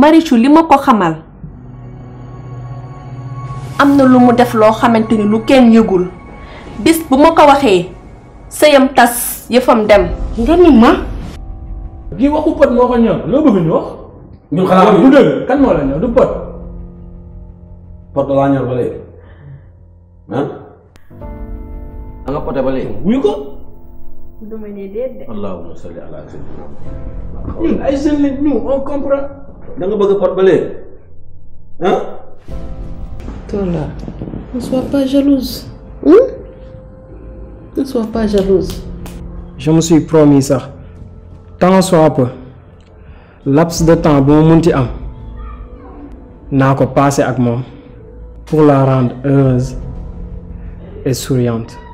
marichu li ma ko xamal am na lu mu def loo xamanteni lu kenn yëgul bis bu ma ko waxee sëyam tas yëfam dem nga ni ma gi waxu pot moo ko ñëw loo bëgg ñu wax ñun xanaa du dëgg kan moo la ñëw du pot pot la ñëw ba léegi ah da nga poté ba léegi wuyu ko du ma ne déedéet allahumma salli ala sayyidina ay jeunes lañ ñu on comprend da nga bëgg pot ba léegi hein? Tola ne sois pas jalouse. Hein? ne sois pas jalouse. je me suis promis ça..! tant soit peu laps de temps bon mon ti am naa ko passé ak moi... pour la rendre heureuse et souriante.